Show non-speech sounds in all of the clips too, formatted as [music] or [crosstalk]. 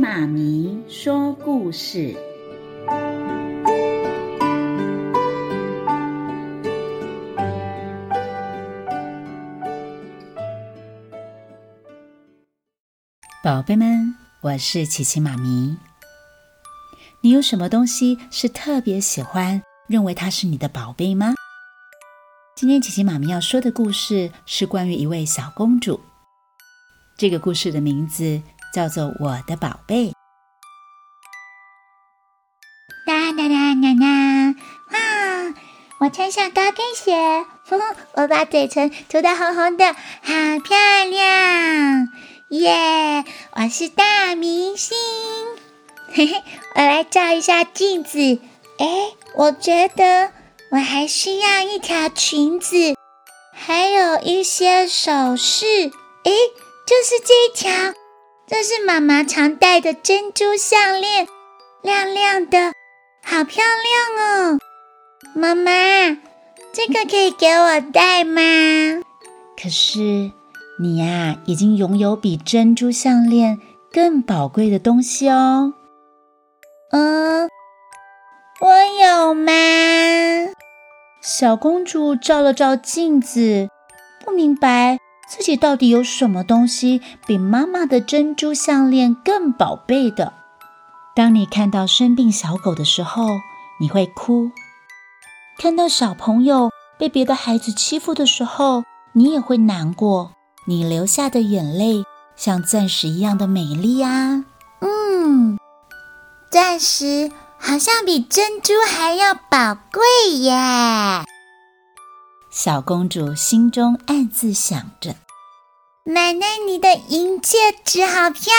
媽咪說故事，寶貝們，我是琪琪媽咪。你有什麼東西是特別喜歡、認為它是你的寶貝嗎？今天琪琪媽咪要說的故事是關於一位小公主。這個故事的名字，叫做我的寶貝。噠噠噠噠噠！哇，我穿上高跟鞋，哼，我把嘴唇塗得紅紅的，好漂亮！耶，yeah，我是大明星！嘿嘿，我來照一下鏡子。哎，我覺得我還需要一條裙子，還有一些首飾。哎，就是這一條。這是媽媽常戴的珍珠項鏈，亮亮的，好漂亮哦！媽媽，這個可以給我戴嗎？可是你呀、啊，已經擁有比珍珠項鏈更寶貴的東西哦。嗯，我有嗎？小公主照了照鏡子，不明白。自己到底有什麼東西比媽媽的珍珠項鏈更寶貝的？當你看到生病小狗的時候，你會哭；看到小朋友被別的孩子欺負的時候，你也會難過。你流下的眼淚像鑽石一樣的美麗啊！嗯，鑽石好像比珍珠還要寶貴耶。小公主心中暗自想着。奶奶，你的銀戒指好漂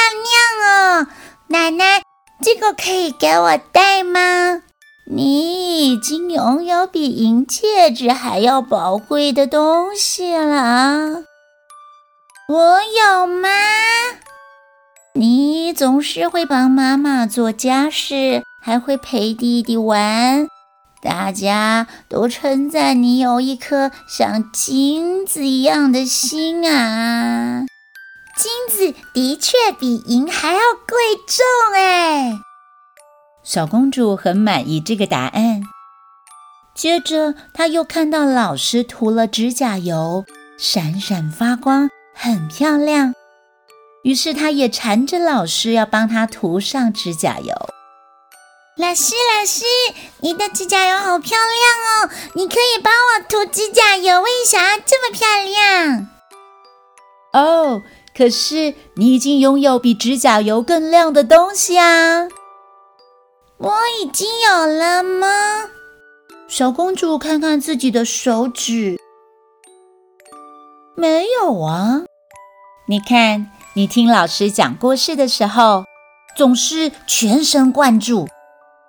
亮哦！奶奶，這個可以給我戴嗎？你已經擁有比銀戒指還要寶貴的東西了。我有嗎？你總是會幫媽媽做家事，還會陪弟弟玩。大家都稱讚你有一顆像金子一樣的心啊！金子的確比銀還要貴重哎！小公主很滿意這個答案。接着，她又看到老師塗了指甲油，閃閃發光，很漂亮。於是，她也纏着老師要幫她塗上指甲油。老師，老師，你的指甲油好漂亮哦！你可以幫我塗指甲油，為啥這麼漂亮？哦，可是你已經擁有比指甲油更亮的東西啊！我已經有了嗎？小公主看看自己的手指，沒有啊！你看，你聽老師講故事的時候，總是全神貫注。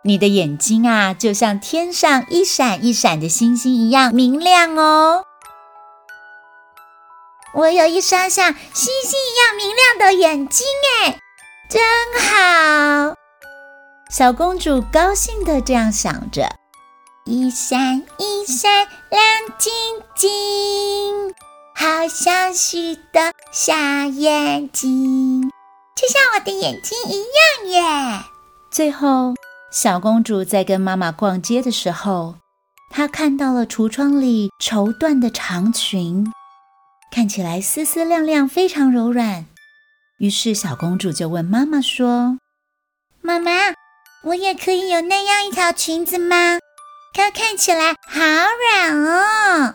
你的眼睛啊，就像天上一閃一閃的星星一樣明亮哦！我有一雙像星星一樣明亮的眼睛，哎，真好！小公主高興地這樣想着，一閃一閃亮晶晶，好像許多小眼睛，就像我的眼睛一樣耶！最後。小公主在跟媽媽逛街的時候，她看到了櫥窗裡綢緞的長裙，看起來絲絲亮亮，非常柔軟。於是小公主就問媽媽說：“媽媽，我也可以有那樣一條裙子嗎？它看起來好軟哦。”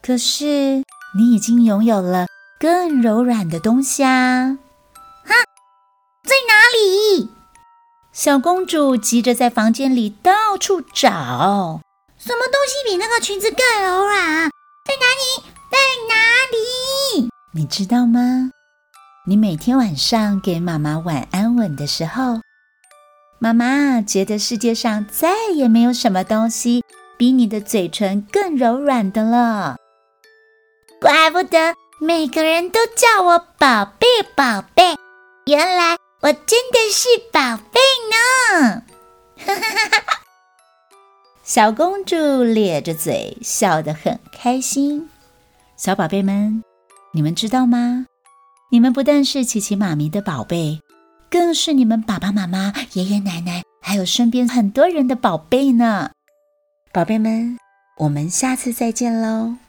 可是你已經擁有了更柔軟的東西啊。小公主急着在房間裡到處找，什麼東西比那個裙子更柔軟？在哪裡？在哪裡？你知道嗎？你每天晚上給媽媽晚安吻的時候，媽媽覺得世界上再也沒有什麼東西比你的嘴唇更柔軟的了。不怪不得，每個人都叫我寶貝寶貝，原來。我真的是寶貝呢， [laughs] 小公主咧着嘴笑得很開心。小寶貝們，你們知道嗎？你們不但是琪琪媽咪的寶貝，更是你們爸爸媽媽、爺爺奶奶還有身邊很多人的寶貝呢。寶貝們，我們下次再見嘍。